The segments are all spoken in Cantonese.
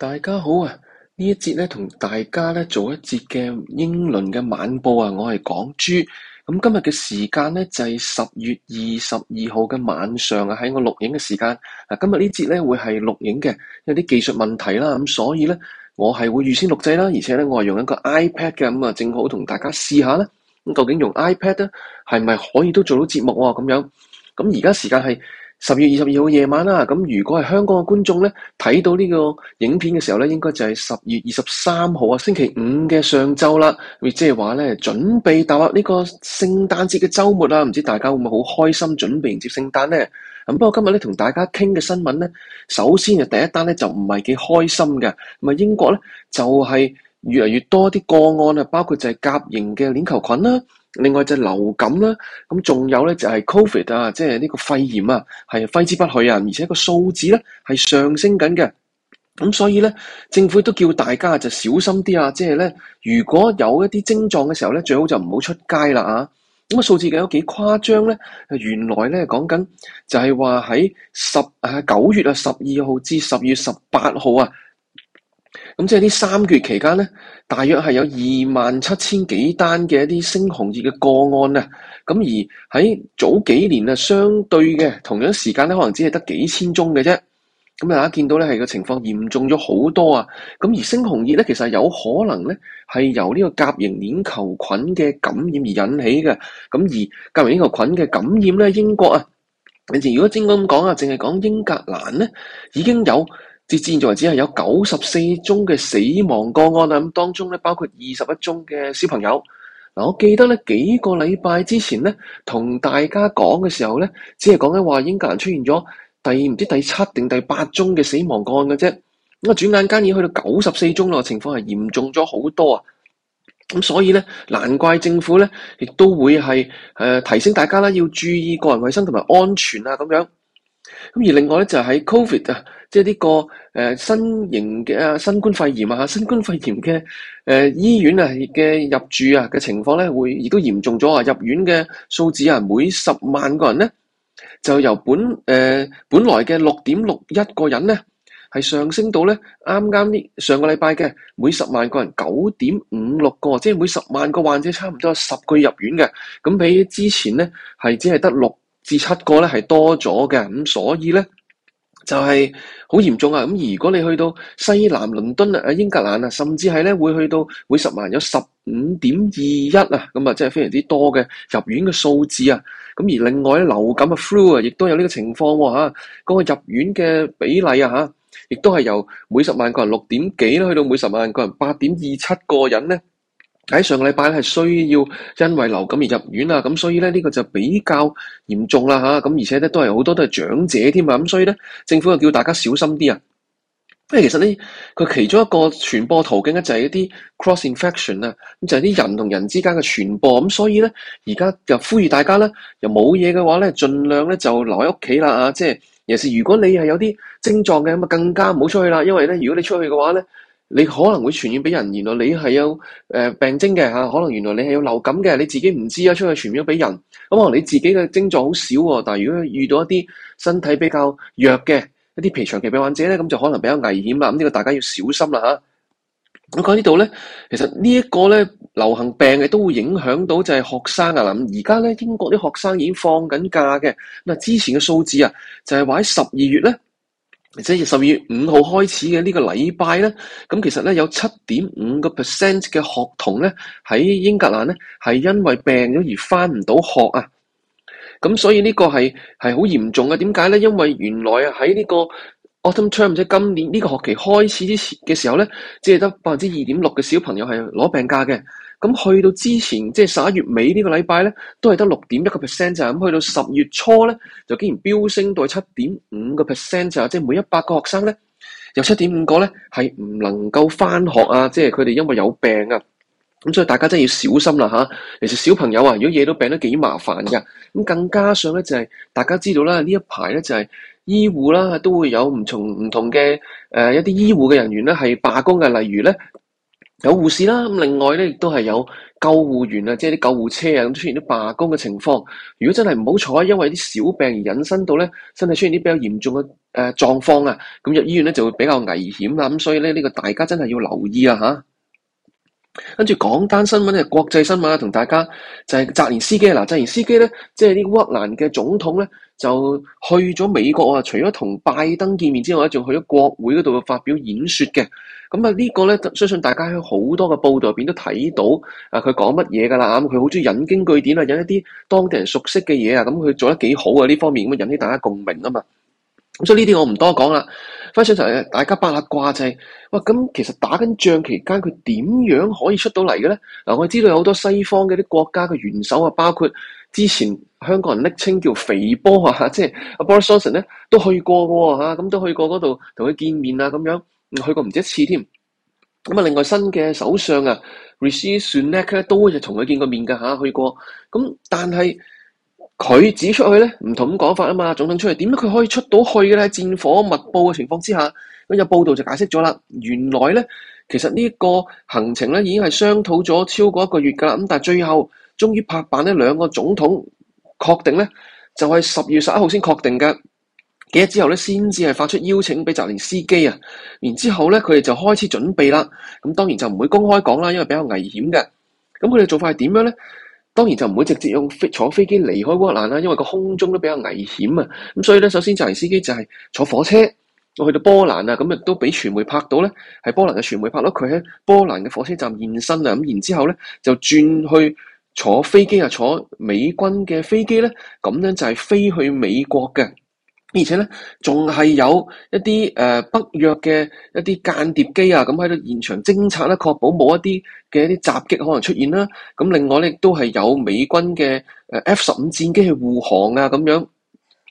大家好啊！這一節呢一節咧同大家咧做一節嘅英倫嘅晚報啊，我係港豬咁今間呢、就是、日嘅時間咧就係十月二十二號嘅晚上啊，喺我錄影嘅時間。嗱，今日呢節咧會係錄影嘅，因為啲技術問題啦，咁所以咧我係會預先錄製啦，而且咧我係用一個 iPad 嘅，咁啊正好同大家試下咧，咁究竟用 iPad 咧係咪可以都做到節目啊？咁樣，咁而家時間係。十月二十二號夜晚啦，咁如果係香港嘅觀眾咧，睇到呢個影片嘅時候咧，應該就係十月二十三號啊星期五嘅上晝啦，亦即係話咧準備踏入呢個聖誕節嘅周末啦，唔知大家會唔會好開心準備迎接聖誕咧？咁、嗯、不過今日咧同大家傾嘅新聞咧，首先就第一單咧就唔係幾開心嘅，咪英國咧就係、是。越嚟越多啲個案啊，包括就係甲型嘅鏈球菌啦，另外就係流感啦，咁仲有咧就係 Covid 啊，即係呢個肺炎啊，係揮之不去啊，而且個數字咧係上升緊嘅。咁所以咧，政府都叫大家就小心啲啊，即係咧，如果有一啲症狀嘅時候咧，最好就唔好出街啦咁啊。數字有幾誇張咧？原來咧講緊就係話喺十啊九月啊十二號至十月十八號啊。咁即係呢三個月期間咧，大約係有二萬七千幾單嘅一啲猩紅熱嘅個案啊！咁而喺早幾年啊，相對嘅同樣時間咧，可能只係得幾千宗嘅啫。咁大家見到咧，係個情況嚴重咗好多啊！咁而猩紅熱咧，其實有可能咧係由呢個甲型鏈球菌嘅感染而引起嘅。咁而甲型鏈球菌嘅感染咧，英國啊，以前如果只咁講啊，淨係講英格蘭咧，已經有。至至現在為止係有九十四宗嘅死亡個案啊！咁當中咧，包括二十一宗嘅小朋友嗱。我記得咧幾個禮拜之前咧同大家講嘅時候咧，只係講緊話英格蘭出現咗第唔知第七定第八宗嘅死亡個案嘅啫。咁啊，轉眼間已經去到九十四宗咯，情況係嚴重咗好多啊！咁所以咧，難怪政府咧亦都會係誒、呃、提醒大家啦，要注意個人衞生同埋安全啊咁樣。咁而另外咧就喺、係、COVID 啊。即係呢、呢個誒、呃、新型嘅新冠肺炎啊，新冠肺炎嘅誒、呃、醫院啊嘅入住啊嘅情況咧，會亦都嚴重咗啊！入院嘅數字啊，每十萬個人咧，就由本誒、呃、本來嘅六點六一個人咧，係上升到咧啱啱啲上個禮拜嘅每十萬個人九點五六個，即係每十萬個患者差唔多有十個入院嘅。咁比之前咧係只係得六至七個咧係多咗嘅，咁所以咧。就係好嚴重啊！咁如果你去到西南倫敦啊、英格蘭啊，甚至係咧會去到每十萬有十五點二一啊，咁啊，即係非常之多嘅入院嘅數字啊！咁而另外咧流感啊、flu 啊，亦都有呢個情況喎嚇，嗰個入院嘅比例啊，亦都係由每十萬個人六點幾去到每十萬個人八點二七個人咧。喺上個禮拜咧係需要因為流感而入院啊，咁所以咧呢個就比較嚴重啦吓，咁而且咧都係好多都係長者添啊，咁所以咧政府又叫大家小心啲啊。因為其實呢，佢其中一個傳播途徑咧就係一啲 cross infection 啊，咁就係啲人同人之間嘅傳播，咁所以咧而家就呼籲大家咧，又冇嘢嘅話咧，盡量咧就留喺屋企啦啊，即係尤其是如果你係有啲症狀嘅咁啊，更加唔好出去啦，因為咧如果你出去嘅話咧。你可能會傳染俾人，原來你係有誒病徵嘅嚇，可能原來你係有流感嘅，你自己唔知啊，出去傳染俾人，咁可能你自己嘅症狀好少喎，但係如果遇到一啲身體比較弱嘅一啲皮長期病患者咧，咁就可能比較危險啦，咁呢個大家要小心啦嚇。咁講呢度咧，其實呢一個咧流行病嘅都會影響到就係學生啊，咁而家咧英國啲學生已經放緊假嘅，嗱之前嘅數字啊，就係話喺十二月咧。即係十二月五號開始嘅呢個禮拜咧，咁其實咧有七點五個 percent 嘅學童咧喺英格蘭咧係因為病咗而翻唔到學啊，咁所以呢個係係好嚴重嘅，點解咧？因為原來啊喺呢個。Autumn term，即今年呢個學期開始之前嘅時候咧，只係得百分之二點六嘅小朋友係攞病假嘅。咁去到之前，即係十一月尾呢個禮拜咧，都係得六點一個 percent 就係咁。去到十月初咧，就竟然飆升到七點五個 percent 就係，即係每一百個學生咧，有七點五個咧係唔能夠翻學啊！即係佢哋因為有病啊。咁所以大家真係要小心啦吓。其實小朋友啊，如果惹到病都幾麻煩噶。咁更加上咧就係大家知道啦，呢一排咧就係。醫護啦，都會有唔同唔同嘅誒一啲醫護嘅人員咧，係罷工嘅。例如咧，有護士啦，咁另外咧亦都係有救護員啊，即係啲救護車啊，咁出現啲罷工嘅情況。如果真係唔好彩，因為啲小病而引申到咧身體出現啲比較嚴重嘅誒、呃、狀況啊，咁入醫院咧就會比較危險啦。咁所以咧呢、這個大家真係要留意啊嚇。跟住講單新聞咧，國際新聞啊，同大家就係澤連斯基嗱，澤連斯基咧，即係呢個烏克蘭嘅總統咧。就去咗美國啊！除咗同拜登見面之外，咧仲去咗國會嗰度發表演說嘅。咁啊，呢個咧相信大家喺好多嘅報道入邊都睇到啊，佢講乜嘢噶啦？咁佢好中意引經據典啊，引一啲當地人熟悉嘅嘢啊，咁、嗯、佢做得幾好啊呢方面咁啊，引起大家共鳴啊嘛。咁所以呢啲我唔多講啦。翻上嚟，大家八卦就係、是：啊「喂，咁其實打緊仗期間，佢點樣可以出到嚟嘅咧？嗱、啊，我知道有好多西方嘅啲國家嘅元首啊，包括。之前香港人昵稱叫肥波啊，即係阿 Boris Johnson 咧，都去過嘅喎，咁都去過嗰度同佢見面啊咁樣，去過唔止一次添。咁啊，另外新嘅首相啊，Rishi Sunak 咧，都就同佢見過面嘅嚇，去過。咁但係佢指出去咧唔同咁講法啊嘛，總統出去點解佢可以出到去嘅咧？戰火密佈嘅情況之下，咁有報道就解釋咗啦。原來咧，其實呢一個行程咧已經係商討咗超過一個月㗎，咁但係最後。終於拍板呢兩個總統確定咧，就係十月十一號先確定嘅，幾日之後咧，先至係發出邀請俾澤連斯基啊。然之後咧，佢哋就開始準備啦。咁當然就唔會公開講啦，因為比較危險嘅。咁佢哋做法係點樣咧？當然就唔會直接用飛坐飛機離開烏克蘭啦，因為個空中都比較危險啊。咁所以咧，首先澤連斯基就係坐火車去到波蘭啊。咁亦都俾傳媒拍到咧，係波蘭嘅傳媒拍到佢喺波蘭嘅火車站現身啊。咁然之後咧就轉去。坐飛機啊，坐美軍嘅飛機咧，咁樣就係飛去美國嘅，而且咧仲係有一啲誒、呃、北約嘅一啲間諜機啊，咁喺度現場偵察啦，確保冇一啲嘅一啲襲擊可能出現啦。咁另外咧，亦都係有美軍嘅、呃、F 十五戰機去護航啊，咁樣。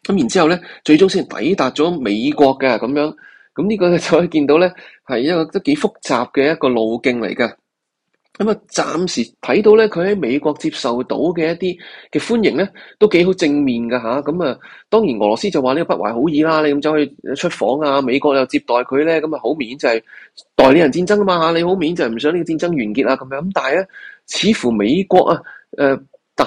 咁然之後咧，最終先抵達咗美國嘅咁樣。咁呢、這個就可以見到咧，係一個都幾複雜嘅一個路徑嚟嘅。咁啊，暫時睇到咧，佢喺美國接受到嘅一啲嘅歡迎咧，都幾好正面㗎。咁啊，當然俄羅斯就話呢個不懷好意啦，你咁走去出訪啊，美國又接待佢咧，咁啊好明顯就係代理人戰爭啊嘛吓，你好明顯就係唔想呢個戰爭完結啊咁樣。咁、啊、但係咧，似乎美國啊，誒、呃、大。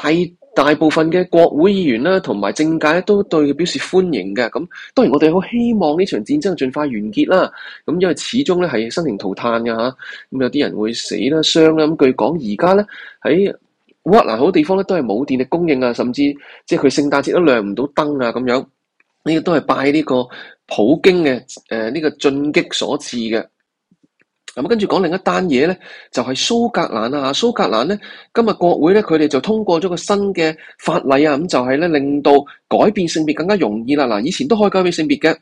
大部分嘅國會議員啦，同埋政界都對佢表示歡迎嘅。咁當然我哋好希望呢場戰爭盡快完結啦。咁因為始終咧係生靈塗炭嘅嚇，咁有啲人會死啦、傷啦。咁據講而家咧喺烏克蘭好多地方咧都係冇電力供應啊，甚至即係佢聖誕節都亮唔到燈啊咁樣。呢個都係拜呢個普京嘅誒呢個進擊所致嘅。咁跟住講另一單嘢咧，就係蘇格蘭啊，蘇格蘭咧，今日國會咧，佢哋就通過咗個新嘅法例啊，咁就係咧令到改變性別更加容易啦。嗱，以前都可以改變性別嘅，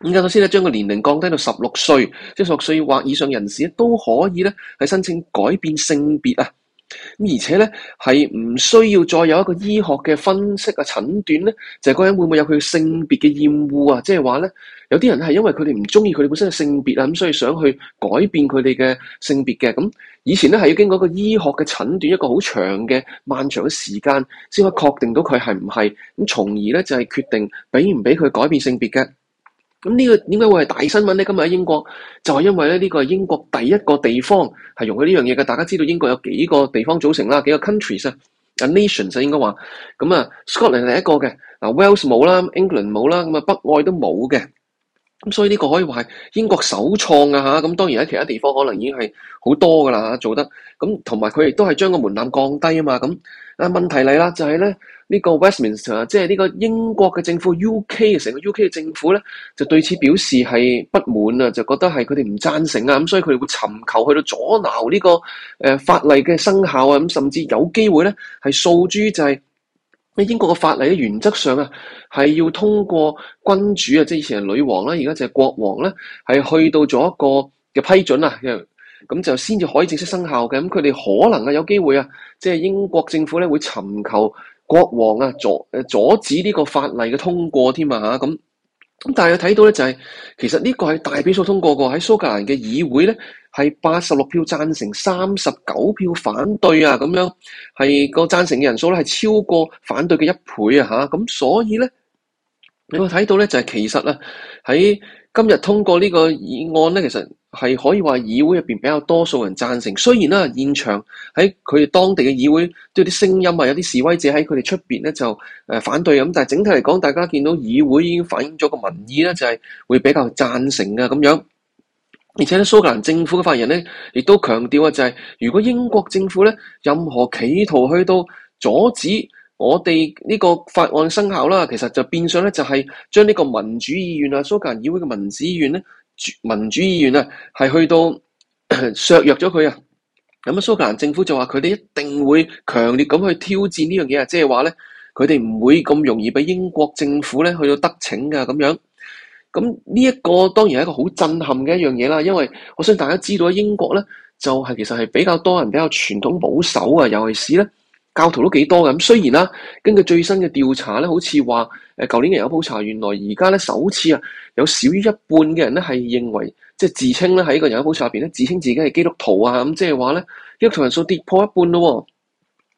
咁而家首先咧，將個年齡降低到十六歲，即係十六歲或以上人士呢都可以咧，係申請改變性別啊。咁而且咧，係唔需要再有一個醫學嘅分析啊、診斷咧，就係個人會唔會有佢性別嘅厭惡啊？即係話咧。有啲人咧係因為佢哋唔中意佢哋本身嘅性別啊，咁所以想去改變佢哋嘅性別嘅。咁以前咧係要經過一個醫學嘅診斷，一個好長嘅漫長嘅時間，先可以確定到佢係唔係，咁從而咧就係決定俾唔俾佢改變性別嘅。咁呢個點解會係大新聞咧？今日喺英國就係因為咧呢個係英國第一個地方係容許呢樣嘢嘅。大家知道英國有幾個地方組成啦，幾個 countries 啊，nations 應該話咁啊，Scotland 係一個嘅，嗱 Wales 冇啦，England 冇啦，咁啊北愛都冇嘅。咁所以呢個可以話係英國首創啊，吓，咁當然喺其他地方可能已經係好多噶啦，吓，做得咁同埋佢亦都係將個門檻降低啊嘛，咁啊問題嚟啦就係咧呢個 Westminster 即係呢個英國嘅政府 UK 成個 UK 嘅政府咧就對此表示係不滿啊，就覺得係佢哋唔贊成啊，咁所以佢哋會尋求去到阻撓呢個誒法例嘅生效啊，咁甚至有機會咧係訴諸就係。英國嘅法例原則上啊，係要通過君主啊，即係以前係女王啦，而家就係國王咧，係去到咗一個嘅批准啊，咁就先至可以正式生效嘅。咁佢哋可能啊有機會啊，即係英國政府咧會尋求國王啊阻誒阻止呢個法例嘅通過添啊，咁。咁但係有睇到咧，就係，其實呢個係大比數通過過喺蘇格蘭嘅議會咧，係八十六票贊成，三十九票反對啊，咁樣係個贊成嘅人數咧係超過反對嘅一倍啊，吓、啊、咁所以咧，你會睇到咧就係其實啊喺今日通過呢個議案咧，其實。係可以話議會入邊比較多數人贊成，雖然啦，現場喺佢哋當地嘅議會都有啲聲音啊，有啲示威者喺佢哋出邊咧就誒反對啊，咁但係整體嚟講，大家見到議會已經反映咗個民意咧，就係、是、會比較贊成啊咁樣。而且咧，蘇格蘭政府嘅發言人咧亦都強調啊、就是，就係如果英國政府咧任何企圖去到阻止我哋呢個法案生效啦，其實就變相咧就係、是、將呢個民主意願啊，蘇格蘭議會嘅民主意願咧。民主議員啊，係去到削弱咗佢啊，咁啊蘇格蘭政府就話佢哋一定會強烈咁去挑戰呢樣嘢啊，即係話咧佢哋唔會咁容易俾英國政府咧去到得逞噶咁樣，咁呢一個當然係一個好震撼嘅一樣嘢啦，因為我想大家知道喺英國咧就係其實係比較多人比較傳統保守啊，尤其是咧。教徒都幾多嘅咁，雖然啦，根據最新嘅調查咧，好似話誒，舊年嘅人口普查原來而家咧首次啊，有少於一半嘅人咧係認為即係、就是、自稱咧喺個人口普查入邊咧自稱自己係基督徒啊咁，即係話咧基督徒人數跌破一半咯，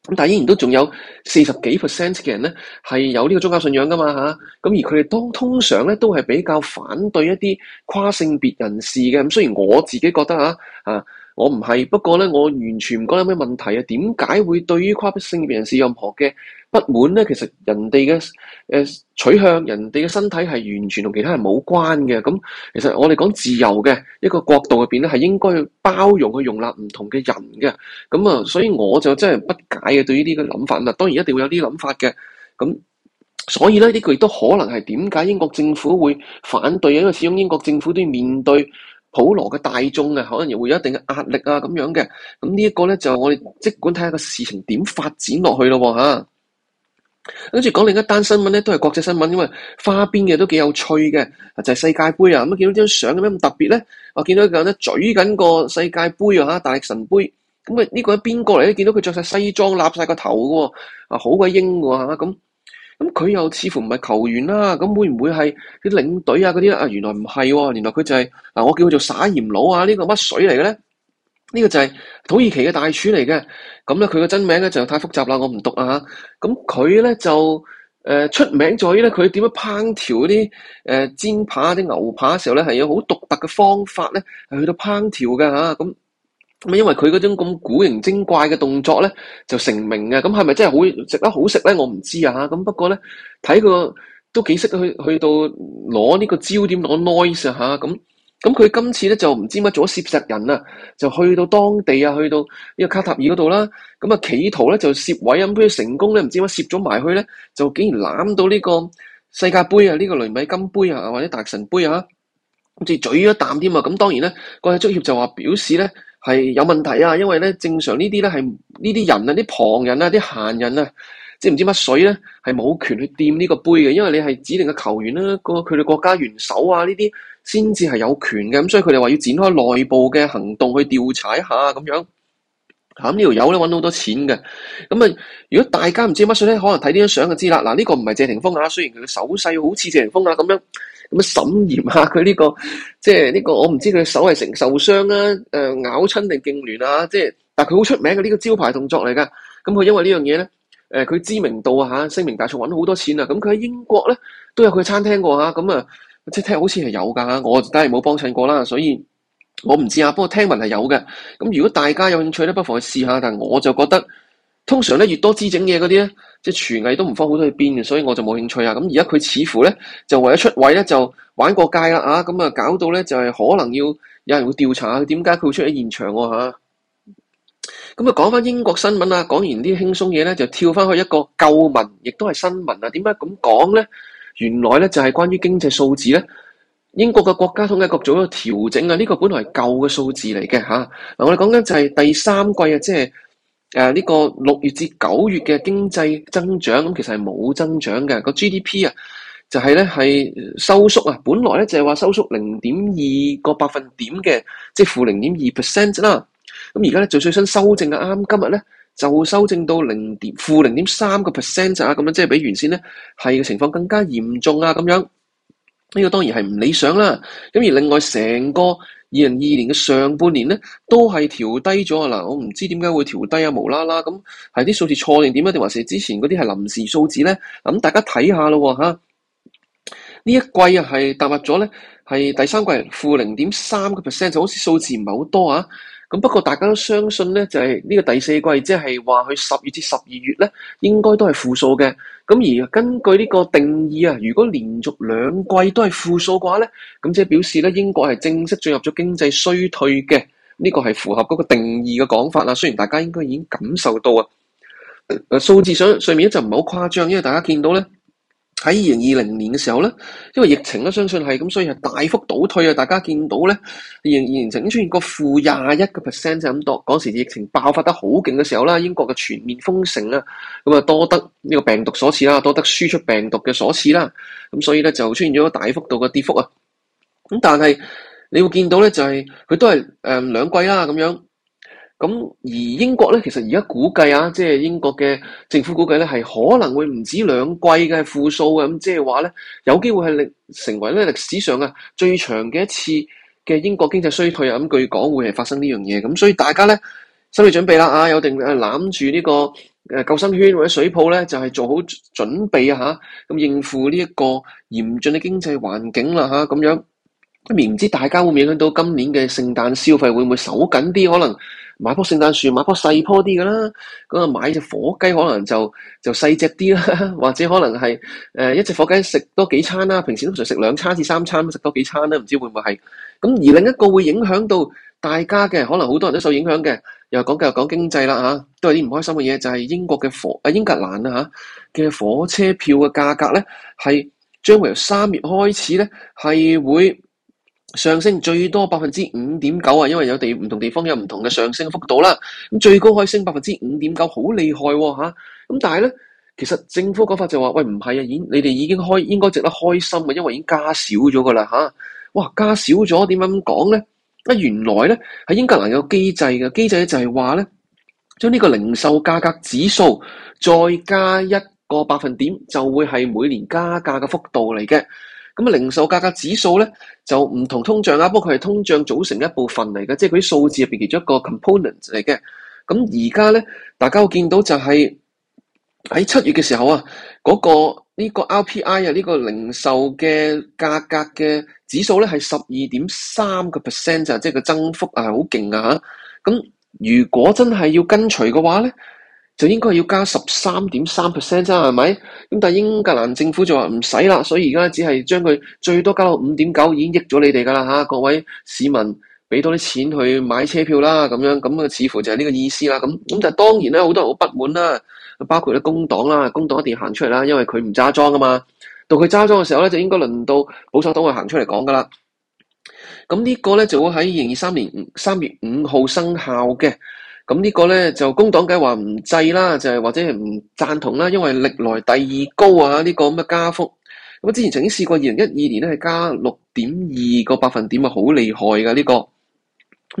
咁但係依然都仲有四十幾 percent 嘅人咧係有呢個宗教信仰㗎嘛吓，咁、啊、而佢哋當通常咧都係比較反對一啲跨性別人士嘅，咁雖然我自己覺得吓啊。我唔係，不過咧，我完全唔覺得有咩問題啊！點解會對於跨性別人士任何嘅不滿咧？其實人哋嘅誒取向，人哋嘅身體係完全同其他人冇關嘅。咁其實我哋講自由嘅一個角度入邊咧，係應該包容去容納唔同嘅人嘅。咁啊，所以我就真係不解嘅對於呢個諗法啦。當然一定會有啲諗法嘅。咁所以咧，呢個亦都可能係點解英國政府會反對啊，因為始終英國政府都要面對。普羅嘅大眾啊，可能又會有一定嘅壓力啊，咁樣嘅。咁呢一個咧就我哋即管睇下個事情點發展落去咯吓、啊。跟住講另一單新聞咧，都係國際新聞，因為花邊嘅都幾有趣嘅、啊。就係、是、世界杯啊，咁啊見到張相咁樣咁特別有咩咁特別咧，我、啊、見到一個人咧咀緊個世界杯啊吓、啊，大力神杯。咁啊，啊、這個、呢個喺邊過邊個嚟咧？見到佢着晒西裝，笠晒個頭嘅、啊，啊好鬼英嘅吓咁。啊啊咁佢又似乎唔係球員啦、啊，咁會唔會係啲領隊啊嗰啲啊，原來唔係，就是，原來佢就係我叫佢做撒鹽佬啊！這個，呢個乜水嚟嘅咧？呢、這個就係土耳其嘅大廚嚟嘅。咁咧，佢個真名咧就太複雜啦，我唔讀啊。咁佢咧就誒、呃、出名在邊咧出名在於咧？佢點樣烹調啲誒煎扒啲牛扒嘅時候咧，係有好獨特嘅方法咧，係去到烹調嘅吓咁。咁因為佢嗰種咁古靈精怪嘅動作咧，就成名嘅那是不是的不啊！咁係咪真係好食得好食咧？我唔知啊吓。咁不過咧，睇個都幾識去去到攞呢個焦點攞 noise 吓、啊、咁。咁佢今次咧就唔知乜咗攝石人啊，就去到當地啊，去到呢個卡塔爾嗰度啦。咁啊企圖咧就攝位啊杯成功咧，唔知乜攝咗埋去咧，就竟然攬到呢個世界杯啊，呢、呢個雷米金杯啊，或者大神杯啊，好似嘴一啖添啊！咁當然咧，國際足協就話表示咧。係有問題啊！因為咧，正常呢啲咧係呢啲人啊、啲旁人啊、啲閒人啊，即係唔知乜水咧，係冇權去掂呢個杯嘅。因為你係指定嘅球員啦，個佢哋國家元首啊，呢啲先至係有權嘅。咁所以佢哋話要展開內部嘅行動去調查一下咁樣。嚇！咁呢條友咧揾到好多錢嘅。咁啊，如果大家唔知乜水咧，可能睇呢張相就知啦。嗱，呢個唔係謝霆鋒啊，雖然佢嘅手勢好似謝霆鋒啊咁樣。咁沈、嗯、審驗下佢呢、呢個，即係呢個，我唔知佢手係承受傷啊、呃，咬親定勁攣啊，即係，但佢好出名嘅呢、呢個招牌動作嚟噶。咁佢因為呢樣嘢咧，佢、呃、知名度啊嚇，聲名大噪，揾好多錢啊。咁佢喺英國咧都有佢餐廳過嚇，咁啊，啊，即係聽好似係有㗎嚇，我就梗係冇幫襯過啦，所以我唔知啊。不過聽聞係有嘅。咁如果大家有興趣咧，不妨去試下。但我就覺得。通常咧，越多資整嘢嗰啲咧，即係廚藝都唔放好多去邊嘅，所以我就冇興趣啊。咁而家佢似乎咧就為咗出位咧，就玩過界啦啊！咁啊，搞到咧就係可能要有人會調查下佢點解佢會出喺現場喎嚇。咁啊，講翻英國新聞啊，講完啲輕鬆嘢咧，就跳翻去一個舊聞，亦都係新聞啊。點解咁講咧？原來咧就係關於經濟數字咧，英國嘅國家統計局做咗個調整啊！呢個本來係舊嘅數字嚟嘅吓，嗱，我哋講緊就係第三季啊，即係。誒，呢個六月至九月嘅經濟增長咁，其實係冇增長嘅，個 GDP 啊，就係咧係收縮啊，本來咧就係話收縮零點二個百分點嘅，即係負零點二 percent 啦。咁而家咧最新修正啊，啱今日咧就修正到零點負零點三個 percent 啊，咁樣即係比原先咧係嘅情況更加嚴重啊，咁樣呢個當然係唔理想啦。咁而另外成個。二零二二年嘅上半年咧，都係調低咗啊！嗱，我唔知點解會調低啊，無啦啦咁係啲數字錯定點啊？定還是之前嗰啲係臨時數字咧？咁大家睇下咯吓，呢一季啊係踏入咗咧，係第三季負零點三個 percent，就好似數字唔係好多啊。咁不過大家都相信咧，就係、是、呢個第四季，即係話佢十月至十二月咧，應該都係負數嘅。咁而根據呢個定義啊，如果連續兩季都係負數嘅話咧，咁即係表示咧英國係正式進入咗經濟衰退嘅。呢、呢個係符合嗰個定義嘅講法啦。雖然大家應該已經感受到啊、呃，數字上上面咧就唔係好誇張，因為大家見到咧。喺二零二零年嘅時候咧，因為疫情咧，相信係咁，所以係大幅倒退啊！大家見到咧，二零二零年就曾經出現過負廿一個 percent 就咁、是、多。嗰時疫情爆發得好勁嘅時候啦，英國嘅全面封城啦，咁啊多得呢個病毒所賜啦，多得輸出病毒嘅所賜啦，咁所以咧就出現咗個大幅度嘅跌幅啊！咁但係你會見到咧、就是，就係佢都係誒、呃、兩季啦咁樣。咁而英國咧，其實而家估計啊，即係英國嘅政府估計咧，係可能會唔止兩季嘅係負數嘅，咁即係話咧，有機會係成為咧歷史上啊最長嘅一次嘅英國經濟衰退啊，咁據講會係發生呢樣嘢，咁所以大家咧，心理準備啦啊，有定攬住呢個救生圈或者水泡咧，就係做好準備啊，吓，咁應付呢一個嚴峻嘅經濟環境啦，吓，咁樣。咁亦唔知大家會唔會影響到今年嘅聖誕消費會唔會手緊啲？可能買棵聖誕樹買棵細棵啲噶啦，咁啊買隻火雞可能就就細隻啲啦，或者可能係誒一隻火雞食多幾餐啦，平時通常食兩餐至三餐，食多幾餐啦，唔知會唔會係咁？而另一個會影響到大家嘅，可能好多人都受影響嘅，又講繼續講經濟啦吓，都係啲唔開心嘅嘢，就係英國嘅火啊英格蘭啊吓嘅火車票嘅價格咧，係將會由三月開始咧係會。上升最多百分之五點九啊，因為有地唔同地方有唔同嘅上升幅度啦。咁最高可以升百分之五點九，好厲害吓啊。咁但係咧，其實政府講法就話喂，唔係啊，已你哋已經開應該值得開心啊，因為已經加少咗噶啦吓。哇，加少咗點樣講咧？啊，原來咧喺英格蘭有機制嘅機制咧就係話咧，將呢個零售價格指數再加一個百分點，就會係每年加價嘅幅度嚟嘅。咁零售價格指數咧就唔同通脹啊，不過佢係通脹組成的一部分嚟嘅，即係佢啲數字入邊其中一個 component 嚟嘅。咁而家咧，大家會見到就係喺七月嘅時候啊，嗰、嗰個呢個 RPI 啊，呢、呢個零售嘅價格嘅指數咧係十二點三個 percent 啊，即係個增幅係啊，好勁啊嚇！咁如果真係要跟隨嘅話咧，就應該要加十三點三 percent 啦，係咪？咁但係英格蘭政府就話唔使啦，所以而家只係將佢最多加到五點九，已經益咗你哋噶啦吓，各位市民，俾多啲錢去買車票啦，咁樣咁嘅似乎就係呢個意思啦。咁咁就當然咧，好多人好不滿啦，包括啲工黨啦，工黨一定要行出嚟啦，因為佢唔揸莊噶嘛。到佢揸莊嘅時候咧，就應該輪到保守黨去行出嚟講噶啦。咁呢個咧就會喺二零二三年三月五號生效嘅。咁呢個咧就工黨計劃唔制啦，就係、是、或者唔贊同啦，因為歷來第二高啊呢個咁嘅加幅。咁之前曾經試過二零一二年咧係加六點二個百分點啊，好厲害噶呢個。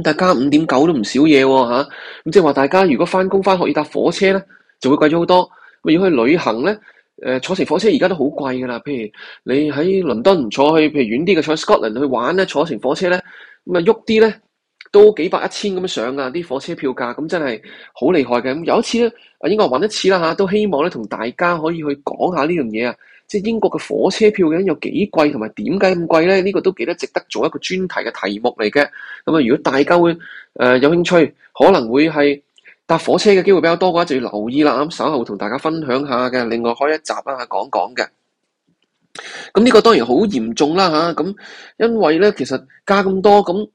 但加五點九都唔少嘢喎，吓，咁即係話大家如果翻工翻學要搭火車咧，就會貴咗好多。要去旅行咧，呃，坐乘火車而家都好貴㗎啦。譬如你喺倫敦唔坐去，譬如遠啲嘅坐 Scotland 去玩咧，坐乘火車咧咁啊，喐啲咧。都幾百一千咁上啊，啲火車票價咁真係好厲害嘅。咁有一次咧，應該搵一次啦嚇，都希望咧同大家可以去講下呢樣嘢啊，即英國嘅火車票究竟有幾貴，同埋點解咁貴咧？呢個都幾多值得做一個專題嘅題目嚟嘅。咁啊，如果大家會有興趣，可能會係搭火車嘅機會比較多嘅話，就要留意啦。咁稍後同大家分享下嘅，另外開一集啊講講嘅。咁呢個當然好嚴重啦吓，咁因為咧其實加咁多咁。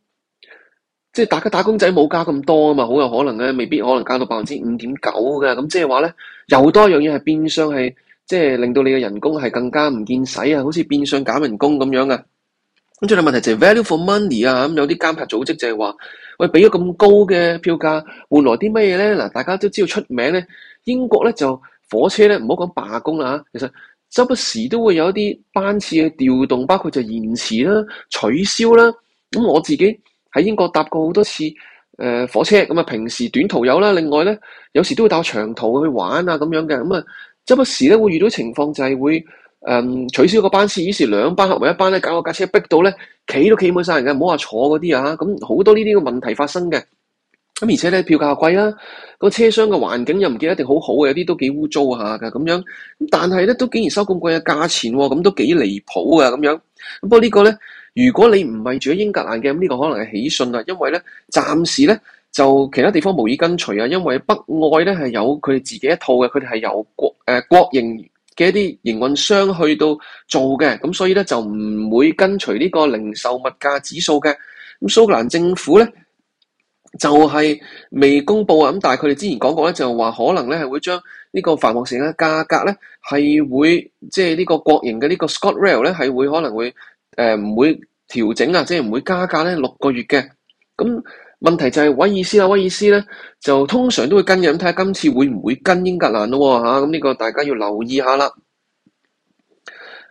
即係大家打工仔冇加咁多啊嘛，好有可能咧，未必可能加到百分之五點九嘅，咁即係話咧又多一樣嘢係變相係，即係令到你嘅人工係更加唔見使啊，好似變相減人工咁樣啊。咁最緊要問題就係 value for money 啊，咁有啲監察組織就係話，喂，俾咗咁高嘅票價換來啲乜嘢咧？嗱，大家都知道出名咧，英國咧就火車咧唔好講罷工啊，其實周不時都會有一啲班次嘅調動，包括就延遲啦、取消啦。咁我自己。喺英國搭過好多次誒、呃、火車，咁、嗯、啊平時短途有啦，另外咧有時都會搭長途去玩啊咁樣嘅，咁啊周不時咧會遇到情況就係會誒、嗯、取消個班次，於是兩班合為一班咧，搞個架車逼到咧企都企唔晒人嘅，唔好話坐嗰啲啊，咁、嗯、好多呢啲嘅問題發生嘅，咁、啊、而且咧票價貴啦，個、啊、車廂嘅環境又唔記得一定好好嘅，有啲都幾污糟下嘅咁樣，咁但係咧都竟然收咁貴嘅價錢喎，咁、啊、都幾離譜嘅咁樣，咁、啊、不過這個呢個咧。如果你唔係住喺英格蘭嘅，咁呢個可能係喜訊啊。因為咧暫時咧就其他地方無意跟隨啊，因為北愛咧係有佢哋自己一套嘅，佢哋係由國誒、呃、國營嘅一啲營運商去到做嘅，咁所以咧就唔會跟隨呢個零售物價指數嘅。咁蘇格蘭政府咧就係、是、未公布啊，咁但係佢哋之前講過咧就話可能咧係會將呢個繁忙時間嘅價格咧係會即係呢個國營嘅呢個 Scott Rail 咧係會可能會。誒、呃、唔會調整啊，即係唔會加價咧六個月嘅。咁問題就係威爾斯啊，威爾斯咧就通常都會跟人，睇下今次會唔會跟英格蘭咯喎，咁呢個大家要留意下啦。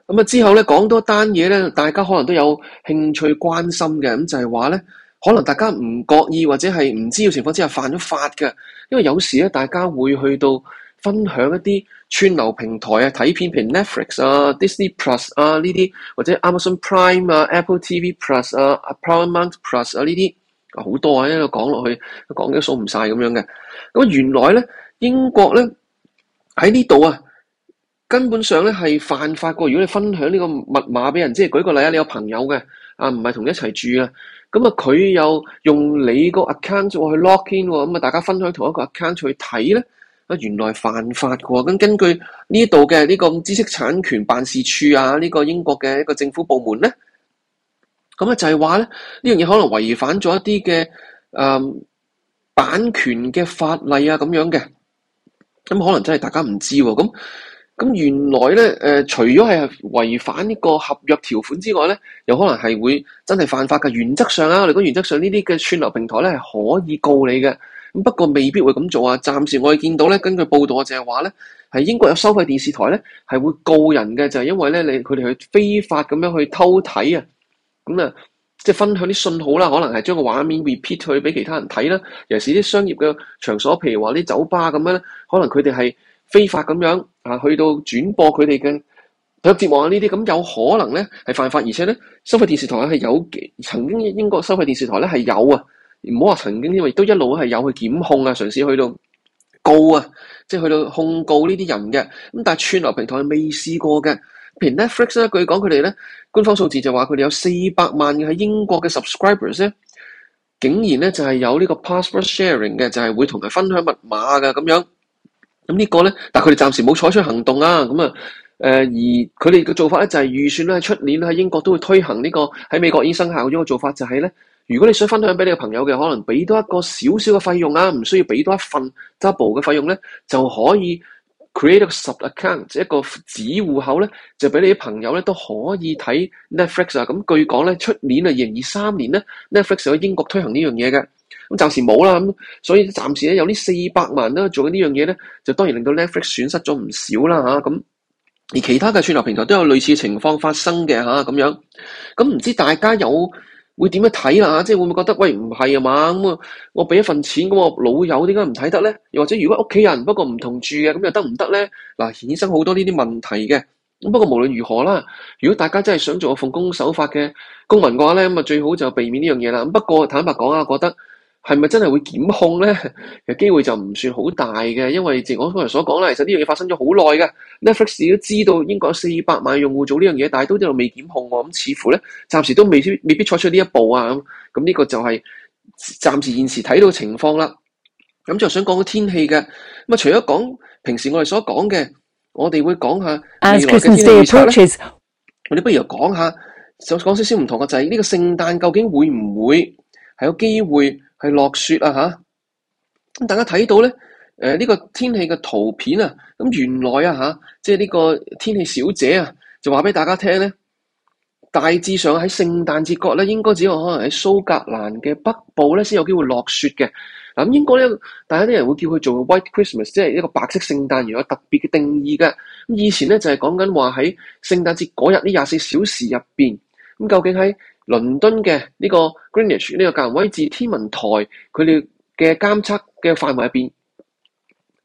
咁啊之後咧講多單嘢咧，大家可能都有興趣關心嘅，咁就係話咧，可能大家唔覺意或者係唔知嘅情況之下犯咗法嘅，因為有時咧大家會去到。分享一啲串流平台啊，睇片譬如 Netflix 啊、Disney Plus 啊呢啲、啊，或者 Amazon Prime 啊，啊、Apple TV Plus 啊、Paramount Plus 啊呢啲，好多啊，喺度講落去，講都數唔晒咁樣嘅。咁原來咧，英國咧喺呢度啊，根本上咧係犯法嘅。如果你分享呢個密碼俾人，即係舉個例啊，你有朋友嘅啊，唔係同你一齊住啊，咁啊佢又用你個 account 去 lock in，咁、哦、啊大家分享同一個 account 去睇咧。啊，原來犯法嘅喎，咁根據呢度嘅呢個知識產權辦事處啊，呢個英國嘅一個政府部門咧，咁咧就係話咧，呢樣嘢可能違反咗一啲嘅誒版權嘅法例啊，咁樣嘅，咁可能真係大家唔知喎、啊，咁咁原來咧誒、呃，除咗係違反呢個合約條款之外咧，又可能係會真係犯法嘅。原則上啊，我哋講原則上呢啲嘅串流平台咧係可以告你嘅。不過未必會咁做啊！暫時我哋見到呢根據報道，我淨係話咧，係英國有收費電視台呢是係會告人嘅，就係、是、因為咧，你佢哋去非法咁樣去偷睇啊！啊，即、就是、分享啲信號啦，可能係將個畫面 repeat 去俾其他人睇啦。尤其是啲商業嘅場所，譬如話啲酒吧咁樣，可能佢哋係非法咁樣啊，去到轉播佢哋嘅節目啊呢啲，咁有可能呢是係犯法，而且呢收費電視台是係有曾經英國收費電視台是係有啊。唔好話曾經，因為都一路都係有去檢控啊，嘗試去到告啊，即係去到控告呢啲人嘅。咁但係串流平台未試過嘅。譬如 Netflix 呢，據講佢哋咧官方數字就話佢哋有四百萬嘅喺英國嘅 subscribers 咧，竟然咧就係有呢個 password sharing 嘅，就係、是就是、會同佢分享密碼噶咁樣。咁呢個咧，但係佢哋暫時冇採取行動啊。咁啊，誒、呃、而佢哋嘅做法咧就係預算咧喺出年喺英國都會推行呢個喺美國已經生效咗嘅做法就呢，就係咧。如果你想分享俾你嘅朋友嘅，可能俾多一個少少嘅費用啊，唔需要俾多一份 double 嘅費用咧，就可以 create 一個 sub account，即一個子戶口咧，就俾你啲朋友咧都可以睇 Netflix 啊。咁據講咧，出年啊，二零二三年咧，Netflix 喺英國推行呢樣嘢嘅，咁暫時冇啦。咁所以暫時咧有呢四百萬啦做緊呢樣嘢咧，就當然令到 Netflix 損失咗唔少啦嚇。咁、啊、而其他嘅串流平台都有類似情況發生嘅嚇，咁、啊、樣咁唔、啊、知大家有。會點樣睇啦？即係會唔會覺得喂，唔係啊嘛？咁啊，我俾一份錢㗎嘛，老友點解唔睇得咧？又或者如果屋企人不過唔同住嘅，咁又得唔得咧？嗱，衍生好多呢啲問題嘅。咁不過無論如何啦，如果大家真係想做個奉公守法嘅公民嘅話咧，咁啊最好就避免呢樣嘢啦。咁不過坦白講啊，我覺得。係咪真係會檢控咧？嘅機會就唔算好大嘅，因為正如我剛才所講啦，其實呢樣嘢發生咗好耐嘅。Netflix 都知道英國有四百萬用戶做呢樣嘢，但係都仲未檢控喎。咁似乎咧，暫時都未未必採取呢一步啊。咁呢個就係暫時現時睇到嘅情況啦。咁就想講個天氣嘅咁啊，除咗講平時我哋所講嘅，我哋會講下未來嘅天氣。我哋不如又講下，就講少少唔同嘅就係呢個聖誕究竟會唔會係有機會？係落雪啊！吓咁大家睇到咧，誒、呃、呢、這個天氣嘅圖片啊，咁原來啊，啊即係呢個天氣小姐啊，就話俾大家聽咧，大致上喺聖誕節角咧，應該只有可能喺蘇格蘭嘅北部咧，先有機會落雪嘅。嗱、啊、咁應該咧，大家啲人會叫佢做 White Christmas，即係一個白色聖誕，有特別嘅定義嘅。咁、啊、以前咧就係講緊話喺聖誕節嗰日呢，廿、就、四、是、小時入面，咁究竟喺？倫敦嘅呢個 Greenwich 呢個格林威治天文台佢哋嘅監測嘅範圍入邊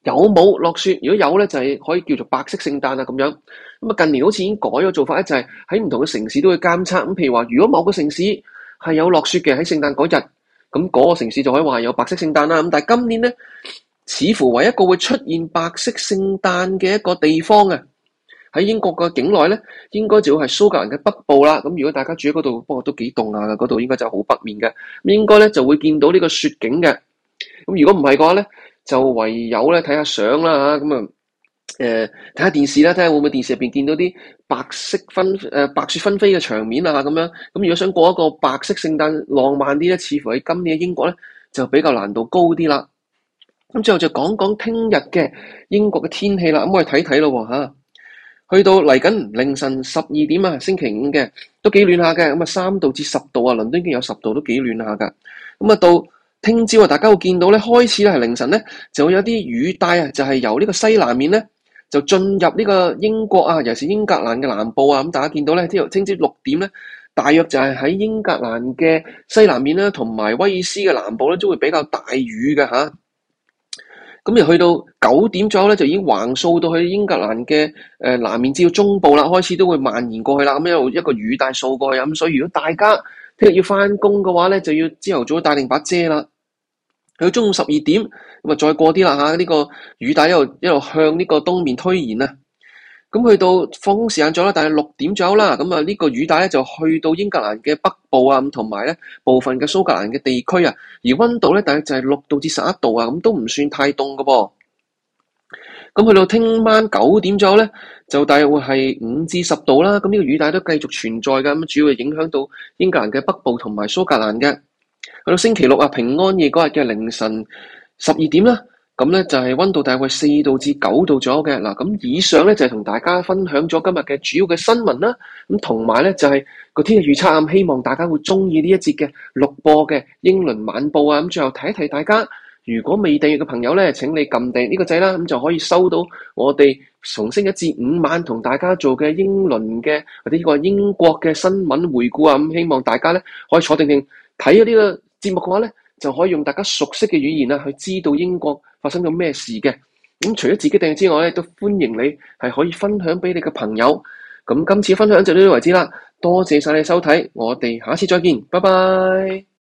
有冇落雪？如果有咧，就係可以叫做白色聖誕啊咁樣。咁啊近年好似已經改咗做法，一就係喺唔同嘅城市都會監測。咁譬如話，如果某個城市係有落雪嘅喺聖誕嗰日，咁嗰個城市就可以話有白色聖誕啦。咁但係今年咧，似乎唯一一個會出現白色聖誕嘅一個地方啊，喺英國嘅境內咧，應該就會係蘇格蘭嘅北部啦。咁如果大家住喺嗰度，不過都幾凍下，嗰度應該就好北面嘅。咁應該咧就會見到呢個雪景嘅。咁如果唔係嘅話咧，就唯有咧睇下相啦嚇。咁啊，誒睇下電視啦，睇下會唔會電視入邊見到啲白色分誒、呃、白雪紛飛嘅場面啊咁樣。咁、啊、如果想過一個白色聖誕浪漫啲咧，似乎喺今年嘅英國咧就比較難度高啲啦。咁之後就講講聽日嘅英國嘅天氣啦。咁我哋睇睇咯嚇。去到嚟緊凌晨十二點啊，星期五嘅都幾暖下嘅，咁啊三度至十度啊，倫敦已經有十度都幾暖下噶。咁啊到聽朝啊，大家會見到咧，開始咧係凌晨咧就會有啲雨帶啊，就係、就係、由呢個西南面咧就進入呢個英國啊，尤其英格蘭嘅南部啊，咁大家見到咧，聽朝六點咧，大約就係喺英格蘭嘅西南面啦，同埋威爾斯嘅南部咧，都會比較大雨嘅吓。咁又去到九點左右咧，就已經橫掃到去英格蘭嘅誒南面至到中部啦，開始都會蔓延過去啦。咁一路一個雨帶掃過去，咁所以如果大家聽日要翻工嘅話咧，就要朝頭早帶定把遮啦。去到中午十二點咁啊，再過啲啦吓，呢個雨帶一路一路向呢個東面推延啦咁去到放工時間咗啦，大約六點左右啦，咁啊呢個雨帶咧就去到英格蘭嘅北部啊，同埋咧部分嘅蘇格蘭嘅地區啊，而溫度咧大約就係六度至十一度啊，咁都唔算太凍噶噃。咁去到聽晚九點左右咧，就大約會係五至十度啦。咁呢個雨帶都繼續存在㗎。咁主要係影響到英格蘭嘅北部同埋蘇格蘭嘅。去到星期六啊，平安夜嗰日嘅凌晨十二點啦。咁咧就係溫度大概四度至九度左右嘅嗱。咁以上咧就係同大家分享咗今日嘅主要嘅新聞啦。咁同埋咧就係個天氣預測啊，希望大家會中意呢一節嘅錄播嘅英倫晚報啊。咁最後提一提大家，如果未訂閱嘅朋友咧，請你撳訂呢個掣啦，咁就可以收到我哋從星期一至五晚同大家做嘅英倫嘅或者呢個英國嘅新聞回顧啊。咁希望大家咧可以坐定定睇下呢個節目嘅話咧，就可以用大家熟悉嘅語言去知道英國發生咗咩事嘅。咁除咗自己訂之外，都歡迎你係可以分享俾你嘅朋友。咁今次分享就到呢度為止啦，多謝曬你嘅收睇，我哋下次再見，拜拜。